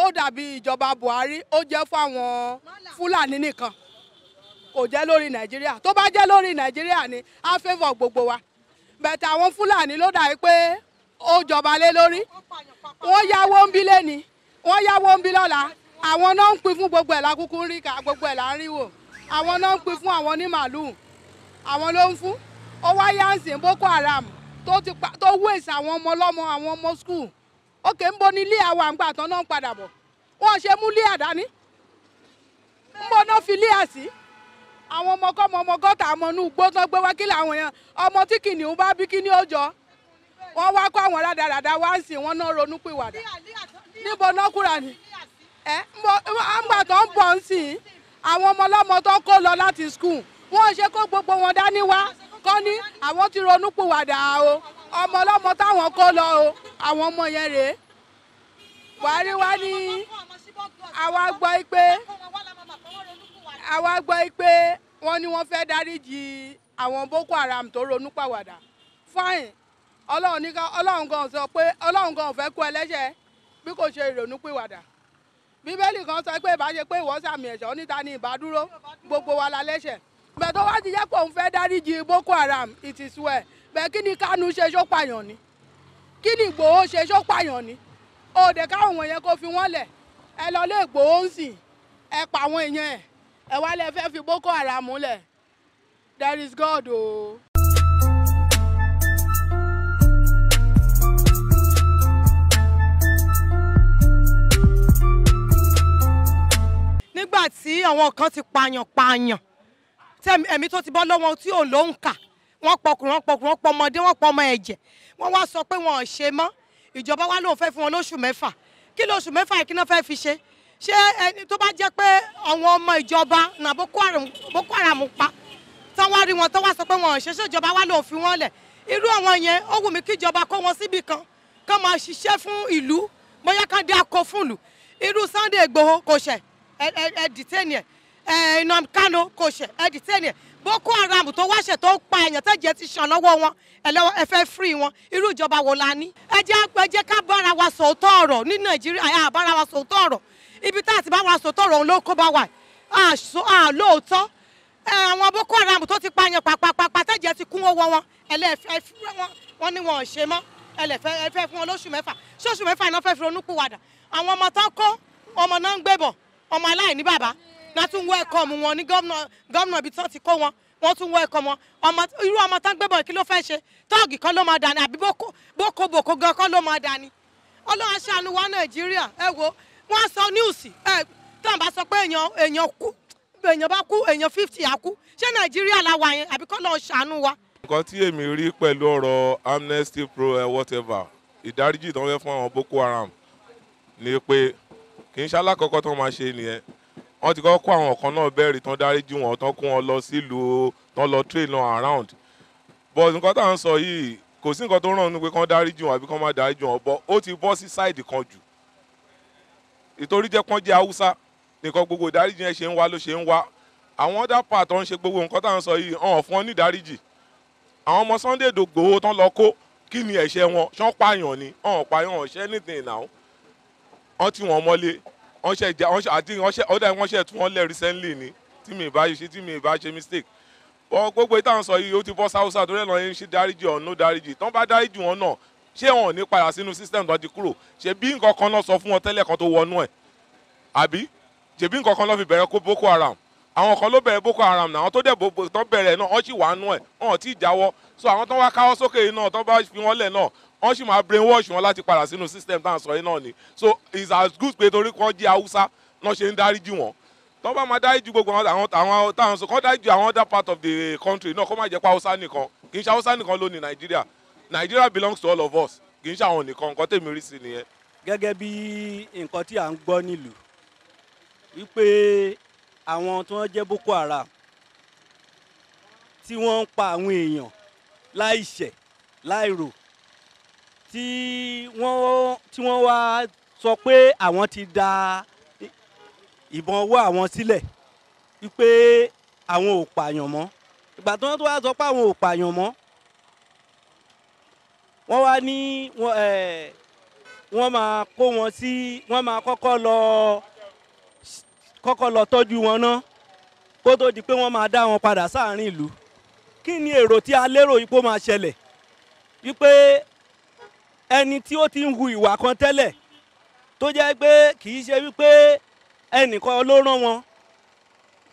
ó dàbí ìjọba Buhari ó jẹ́ fáwọn Fúlàní nìkan kò jẹ́ lórí Nàìjíríà tó bá jẹ́ lórí Nàìjíríà ni á fẹ́fọ̀ gbogbo wa bẹ̀tẹ̀ àwọn Fúlàní ló dàbí pé ó jọba lé lórí wọ́n yáwó ń bí lẹ́ni wọ́n yáwó ń bí lọ́la àwọn náà ń pín fún gbogbo ẹ̀ lákúkú ń rí ká gbogbo ẹ̀ là ń rí wò àwọn náà ń pín fún àwọn ní màlúù àwọn ló ń fún ó wá yáǹsì Boko Haram tó wéèsì àwọn ọmọ ọlọ́mọ àwọn ọmọ skul òkè ń bo ni ilé àwọn àgbà tán náà ń padà bọ̀ wọ́n ṣe mú ilé àdání ń bo náà fi ilé àsí àwọn ọmọkọ́mọ ọmọ gọ́tà ọmọ inú igbó tán gbé wá kí làwọn yẹn ọmọ tí kìnìún bá bí kí ni ó jọ wá kó àwọn rádaràda wá ń sìn wọ́n náà ronú níbo náà kúra ni ẹ àgbà tó ń bọ̀ ń sìn àwọn ọmọ ọlọ́mọ tó kó lọ láti skul wọ́n ṣe kó gbogbo wọn dání wá kọ́ ní àwọn ti ronú o ọmọ ọlọ́mọ táwọn kó lọ o àwọn ọmọ yẹn rèé buhari wá ní àwa gbọ́ pé àwa gbọ́ pé wọ́n ní wọ́n fẹ́ẹ́ dáríjì àwọn boko haram tó ronú pàwàdà fáìn ọlọ́run ní ká ọlọ́run gan sọ pé ọlọ́run gan fẹ́ kú ẹlẹ́ṣẹ̀ bí kò ṣe ìrònú pìwàdà bíbélì kan sọ pé ìbá ṣe pé ìwọ sàmì ẹ̀ṣẹ̀ oníta ni ìbá dúró gbogbo wa la lẹ́ṣẹ̀ bẹ́ẹ̀ tó wá ti jẹ́ pé òun fẹ́ dáríjì boko haram ìtìsú ẹ̀ bẹ́ẹ̀ kí ni Kánú ṣe ṣọ́pàyàn ni kí ni Ìgbòho ṣe ṣọ́pàyàn ni òde káwọn wọ̀nyẹn kó fi wọ́n lẹ̀ ẹ lọ lé Ìgbòho ń sìn ẹ pa àwọn èèyàn ẹ ẹ wá lẹ fẹ́ fi Boko Haram múlẹ̀ there is God o. Oh. nígbà tí àwọn kan ti pààyàn pààyàn tẹ̀mí tó ti bọ́ lọ́wọ́ tí ò lóǹkà wọ́n pọkùnrin wọ́n pọkùnrin wọ́n pọ ọmọdé wọ́n pọ ọmọ ẹ̀jẹ̀ wọ́n wá sọ pé wọn ò ṣe mọ́ ìjọba wa lóun fẹ́ fún wọn lóṣù mẹ́fà kí lóṣù mẹ́fà yìí kí náà fẹ́ fi ṣe ṣé ẹni tó bá jẹ́ pé àwọn ọmọ ìjọba náà Boko Haram pa tán wá rí wọn tán wá sọ pé wọn ò ṣe ṣé ìjọba wa lóun fi wọn lẹ̀ irú àwọn yẹn ó wù mí kí ìjọba kó wọn síbì kan kán máa ṣiṣẹ́ fún ìlú bóyá ká dé akọ fún ìlú irú Sunday Igboho kò ṣẹ̀ ẹ̀ ẹ̀ dìtẹ́ni ẹ̀ ẹ̀ Nnamdi kò ṣẹ̀ ẹ̀ dìtẹ́ni ẹ̀ boko haram tó wáṣẹ tó pa èèyàn tẹjẹ ti ṣàn lọ́wọ́ wọn ẹ fẹ́ free wọn irú ìjọba wo la ní. ẹ jẹ́ pé jẹ́ ká bára wa sòótọ́ ọ̀rọ̀ ní nàìjíríà ẹ̀ àbára wa sòótọ́ ọ̀rọ̀ ibi tá a ti bá wa sòótọ́ ọ̀rọ̀ ló kó bá wa àlóòótọ́ àwọn boko haram tó ti pa èèyàn pàpàpàpà tẹjẹ ti kún owó wọn ẹ lè fẹ́ fún wọn wọn ni wọn ò ṣe mọ́ ẹ lè fẹ́ fẹ́ fún wọn lóṣù mẹ́fà ṣóṣù mẹ́fà iná fẹ́ fi ronú náà tún welcome wọn ní gómìnà ibi tó ti kó wọn wọ́n tún welcome wọn ọmọ irú ọmọ tá ń gbébọn kí ló fẹ́ ṣe tọ́ọ̀gì kan ló máa dání àbí boko boko gan kan ló máa dání ọlọ́run aṣáánú wa nàìjíríà ẹ wo wọ́n sọ níwùsì ẹ tán bá sọ pé èèyàn kú èèyàn bá kú èèyàn fifty á kú ṣé nàìjíríà la wà yẹn àbí kọ́ lọ́ọ́ ṣàánú wa. nǹkan tí èmi rí pẹ̀lú ọ̀rọ̀ amnesty pro ẹ̀ eh, whatever ìdáríjì tó ń fẹ́ fún àwọn boko haram ni pé kì í ṣe alákọ̀ọ́kọ́ tó máa ṣe nìyẹn wọ́n ti kọ́ kó àwọn kan náà bẹ́ẹ̀rì tán dáríjì wọn tán kó wọn lọ sílùú tán lọ trail lọ around but nǹkan tá à ń sọ yìí kò sí nǹkan tó ràn nínú pé kán dáríjì wọn àbí kán má dáríjì wọn bọ́ ó ti bọ́ sí sáìdì kan jù ìtorí jẹ́ kán jẹ́ haúsá nìkan gbogbo ìdáríjì yẹn ṣe ń wá ló ṣe ń wá àwọn ọ̀dà pàtó ń ṣe gbogbo nǹkan tá à ń sọ yìí ọ̀hún fún ọ ní ìdáríjì àwọn ọmọ Sunday Igboho tán lọ kó kí ni ẹ̀ṣẹ̀ wọn ṣán pààyàn ni ọ̀hún pààyàn ọ̀ṣẹ́ nìtìnnà wọn ti wọn mọ́lé wọ́n ṣe ìjà wọ́n ṣe àti wọ́n ṣe ọ̀dà wọ́n ṣe tún wọ́n lẹ̀ recently ni tí mi ìbá ṣe tí mi ìbá ṣe mistake wọ́n gbogbo ìtàn sọ yìí ó ti bọ́ sáwùsà torí ẹ̀nà yẹn ń ṣe dáríjì ọ̀nà dáríjì tán bá dáríjì wọn náà ṣé wọn ò ní padà sínú system tó ti kúrò ṣe bí nǹkan kan náà sọ fún wọn tẹ́lẹ̀ kan tó wọnú ẹ̀ àbí ṣe bí nǹkan kan náà fi bẹ̀rẹ̀ kó Boko Haram àwọn kan ló bẹ̀rẹ̀ Boko Haram náà àwọn tó dẹ̀ tán bẹ̀rẹ̀ náà wọ́n sì wà nú ẹ̀ wọn ò tí ì jáwọ́ so àwọn tán wá káwọ́ sókè yìí náà tán bá fi wọ́n lẹ̀ náà wọ́n sì máa brain wash wọn láti padà sínú system tá à ń sọ yìí náà ni so it's as good pé torí kan jẹ́ haúsá náà ṣe ń dáríjì wọn tó bá máa dáríjì gbogbo àwọn àwọn táwọn sọ kọ́ dáríjì àwọn other part of the country náà kó má jẹ́ pé haúsá nìkan kì í ṣe haúsá nìkan ló ní nàìjíríà nàìjíríà belongs to all of us kì í ṣe àwọn nìkan nǹkan tèmi rí sí nìyẹn. gẹ́gẹ́ bí nǹkan tí à ń gbọ́ nílùú wípé àwọn tí wọ́n jẹ́ boko haram tí wọ́n ń pa àwọn èèyàn láìṣẹ̀ láìrò tí wọ́n tí wọ́n wá sọ pé àwọn ti da ìbọn ọwọ́ àwọn sílẹ̀ wípé àwọn ò pààyàn mọ́ ìgbà tí wọ́n tó wá sọ pé àwọn ò pààyàn mọ́ wọ́n wá ní wọ́n máa kó wọn sí wọ́n máa kọ́kọ́ lọ kọ́kọ́ lọ tọ́jú wọn ná kó tó di pé wọ́n máa dá wọn padà sáàárín ìlú kí ni èrò tí a lérò yìí kó máa ṣẹlẹ̀ wípé ẹni tí ó ti ń hu ìwà kan tẹ́lẹ̀ tó jẹ́ pé kì í ṣe wípé ẹnìkan ló rán wọn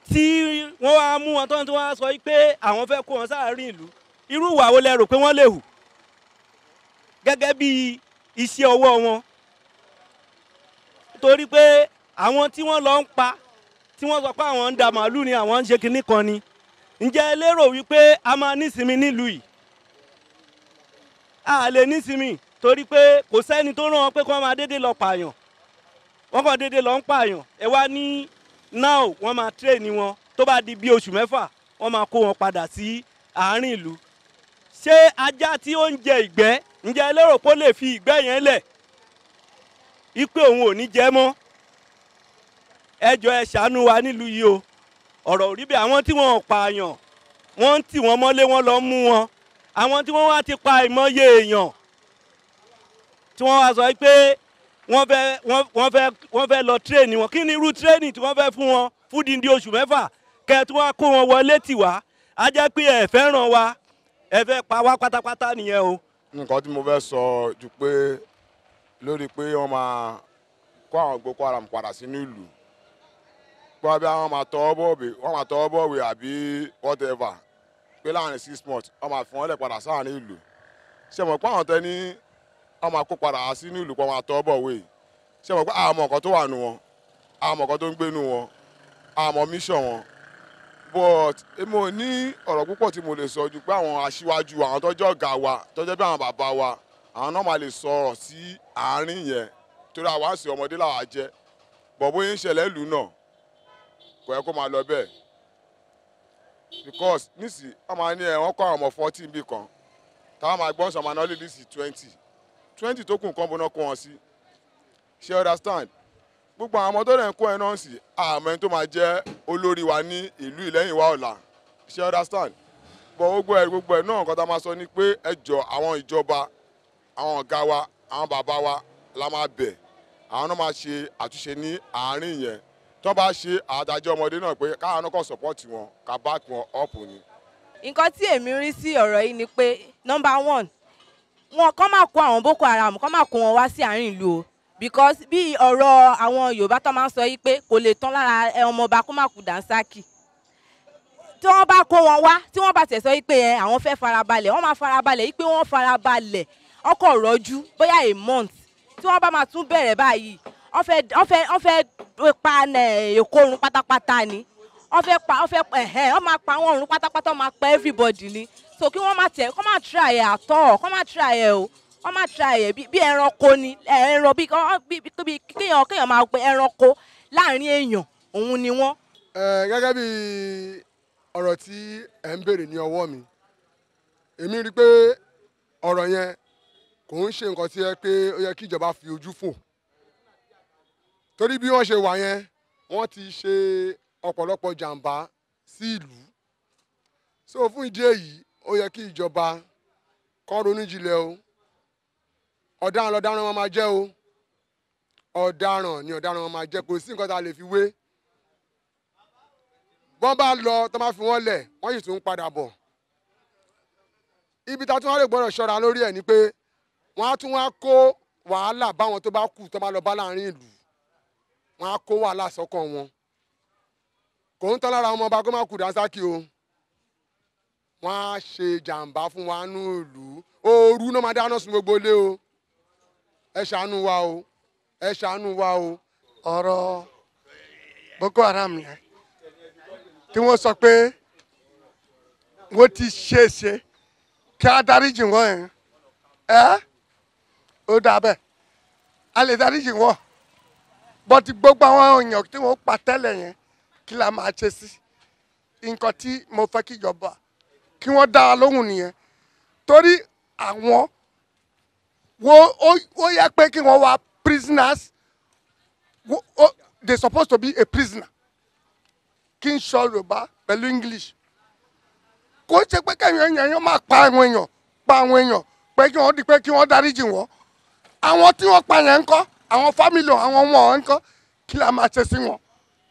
tí wọ́n wá mú wọn tán tí wọ́n á sọ pé àwọn fẹ́ kó wọn sáàárín ìlú irú ìwà wo lẹ rò pé wọ́n lè hù gẹ́gẹ́ bí iṣẹ́ ọwọ́ wọn torí pé àwọn tí wọ́n lọ ń pa tí wọ́n sọ pé àwọn ń da màálù ni àwọn ń ṣe kinní kan ni ǹjẹ́ ẹ lérò wípé a máa nísinmi nílùú yìí a lè nísinmi torí pé kò sẹ́ni tó ràn wọ́n pé kí wọ́n máa dédé lọ pààyàn wọ́n kàn dédé lọ ń pààyàn ẹ wá ní now wọ́n máa tírèèni wọn tó bá di bí oṣù mẹ́fà wọ́n máa kó wọn padà sí àárín ìlú ṣé ajá tí ó ń jẹ ìgbẹ́ ǹjẹ́ ẹ lérò pé ó lè fi ìgbẹ́ yẹn lẹ̀ ipe òun ò ní jẹ mọ́ ẹ ẹ ṣàánú wa nílùú yìí o ọ̀rọ̀ ò rí bẹ́ẹ̀ àwọn tí wọ́n pààyàn wọ́n ń tì wọ́n mọ́lé wọ́n lọ mú wọn àwọn tí wọ́n wá ti pa ìmọye èèyàn tí wọ́n wá sọ pé wọ́n fẹ́ wọ́n fẹ́ wọ́n fẹ́ lọ tírénì wọn kí ni irú tírénì tí wọ́n fẹ́ fún wọn fún dindi oṣù mẹ́fà kẹ́ tí wọ́n kó wọn wọlé tì wá á jẹ́ pé ẹ fẹ́ràn wa ẹ fẹ́ pa wá pátápátá nìyẹn o. nǹkan tí mo fẹ́ sọ ju pé lórí pé wọ́n máa kó àwọn Boko Haram padà sínú ìlú pé bí wọ́n máa tọ́ bọ̀wé wọ́n máa tọ́ bọ̀wé àbí whatever pé láàrin six months wọ́n máa fi wọ́n lẹ̀ padà sáàrin ìlú ṣe mọ̀ pé àwọn tẹ ní wọ́n máa kó padà sínú ìlú pọ̀ máa tọ́ bọ̀ wé ṣé mo pé àmọ̀ nǹkan tó wà nù wọn àmọ̀ nǹkan tó ń gbé nù wọn àmọ̀ mission wọn but mo ní ọ̀rọ̀ púpọ̀ tí mo lè sọ ju pé àwọn aṣíwájú àwọn tọ́jọ́ ọ̀gá wa tọ́jọ́ bí àwọn bàbá wa àwọn náà máa lè sọ̀rọ̀ sí àárín yẹn torí àwa sì ọmọdé làwa jẹ́ bọ̀ bóyá ń ṣẹlẹ̀ lù náà kò yẹ kó máa lọ bẹ́ẹ̀ because nísì ọmọ ní ẹ̀ wọ́n kọ́ àwọn ọmọ fourteen bí kan táwọn máa gbọ́n sọ̀mọ́ náà lè lè sí twenty twenty tó kù nǹkan bọ́ná kó wọn sí ṣe understand gbogbo àwọn ọmọ tó dẹ̀ ń kó ẹran sí àmọ́ tó máa jẹ́ olórí wa ní ìlú ìlẹ́yìn wa ọ̀la ṣe understand bọ̀ gbogbo ẹ̀ gbogbo ẹ̀ náà nǹkan tá a máa sọ ni pé ẹ jọ àwọn ìjọba àwọn ọ̀gá wa àwọn bàbá wa la máa bẹ̀ àwọn náà máa ṣe àtúnṣe ní àárín yẹn tó bá ṣe àdájọ́ ọmọdé náà pé káwọn náà kàn support wọn ká back wọn up ni. nǹkan tí èmi rí sí ọ̀rọ̀ yìí ni pé number one wọn kọ́ máa kó àwọn boko haram kọ́ máa kó wọn wá sí àárín ìlú o because bí ọ̀rọ̀ àwọn yorùbá tó máa ń sọ yìí pé kò lè tán lára ọmọọba kó má kú dànsákì tí wọ́n bá kó wọn wá tí wọ́n bá tẹ̀ sọ yìí pé ẹ àwọn fẹ́ farabalẹ̀ wọ́n máa farabalẹ̀ yìí pé wọ́n farabalẹ̀ ọkọ̀ rọ́jú bóyá a month tí wọ́n bá máa tún bẹ̀rẹ̀ báyìí wọ́n fẹ́ wọ́n fẹ́ wọ́n fẹ́ pa èkó ọ̀run pátápátá ni wọ́n fẹ́ pa wọ́n fẹ́ ẹ̀hẹ́ wọ́n máa pa àwọn ọ̀run pátápátá wọ́n máa pa everybody ni so kí wọ́n má tẹ̀ kọ́ má try ẹ̀ àtọ̀ kọ́ má try ẹ̀ o kọ́ má try ẹ̀ bí ẹranko ni ẹran bí kéèyàn kéèyàn máa pe ẹranko láàrin èèyàn òun ni wọ́n. gẹ́gẹ́ bí ọ̀rọ̀ tí ẹ̀ ń béèrè ní ọwọ́ mi èmi rí i pé ọ̀rọ̀ yẹn kò ń ṣe nǹkan tí ẹ pé ó yẹ kí ìjọba fi ojú fò torí bí wọ́n ṣe wà yẹn wọ́n ti ṣe ọ̀pọ̀lọpọ̀ jàǹbá sí ìlú so fún ìdí èyí ó yẹ kí ìjọba kọ́ ronú jinlẹ̀ o ọ̀daràn lọ́daràn wọn máa jẹ́ o ọ̀daràn ni ọ̀daràn wọn máa jẹ́ kò sí nǹkan tá a lè fi wé bọ́n bá lọ tó máa fi wọ́n lẹ̀ wọ́n sì tún ń padà bọ̀ ibi tá a tún wá lè gbọ́dọ̀ ṣọ́ra lórí ẹ̀ ni pé wọ́n á tún wá kó wàhálà báwọn tó bá kù tó bá lọ bá láàrin ìlú wọ́n á kó wàhálà sọ́kàn wọn kò ń tán lára ọmọ ọba kó má kú dánsákì o wọ́n á ṣe jàǹbá fún wa nú ìlú ooru náà máa dáná sun gbogbo ilé o ẹ ṣàánú wa o ẹ ṣàánú wa o. ọ̀rọ̀ Boko Haram yẹn tí wọ́n sọ pé wọ́n ti ṣe é ṣe kí a dáríjì wọ́n yẹn ẹ́ ó dáa bẹ́ẹ̀ a lè dáríjì wọ́n bọ́tí gbogbo àwọn èèyàn tí wọ́n pa tẹ́lẹ̀ yẹn kí la máa ṣe sí nǹkan tí mo fẹ́ kíjọba kí wọ́n dá a lóhùn nìyẹn torí àwọn wo ó yẹ pé kí wọ́n wá prisoners wo, they supposed to be a prisoner kí n sọ yorùbá pẹ̀lú english kó ṣe pé kẹ́yìn èèyàn èèyàn máa pa àwọn èèyàn pa àwọn èèyàn pé kí wọ́n di pé kí wọ́n dáríjì wọ́n àwọn tí wọ́n pa yẹn ń kọ́ àwọn fámìlì àwọn ọmọ ọ̀hún ń kọ́ kí la máa ṣe sí wọn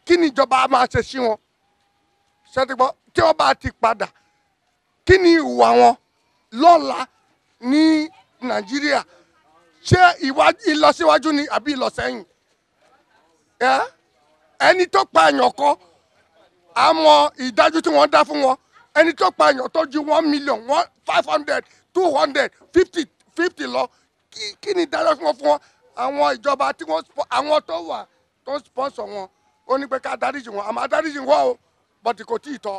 kí ni ìjọba máa ṣe sí wọn ṣe ti gbọ́ tí wọ́n bá ti padà kí ni ìwà wọn lọ́la ní nàìjíríà ṣé ìlọsíwájú ni àbí ìlọsẹ́yìn ẹni tó pa èèyàn kọ́ àmọ́ ìdájú tí wọ́n dá fún wọn ẹni tó pa èèyàn tó ju one million one five hundred two hundred fifty fifty lọ kí kí ni ìdájọ́ fún wọn fún wọn àwọn ìjọba tí wọ́n àwọn tó wà tó ń sponsor wọn ó ní pé ká dáríjì wọn àmọ́ dáríjì wọn o bọ̀dì kò tí ì tọ́.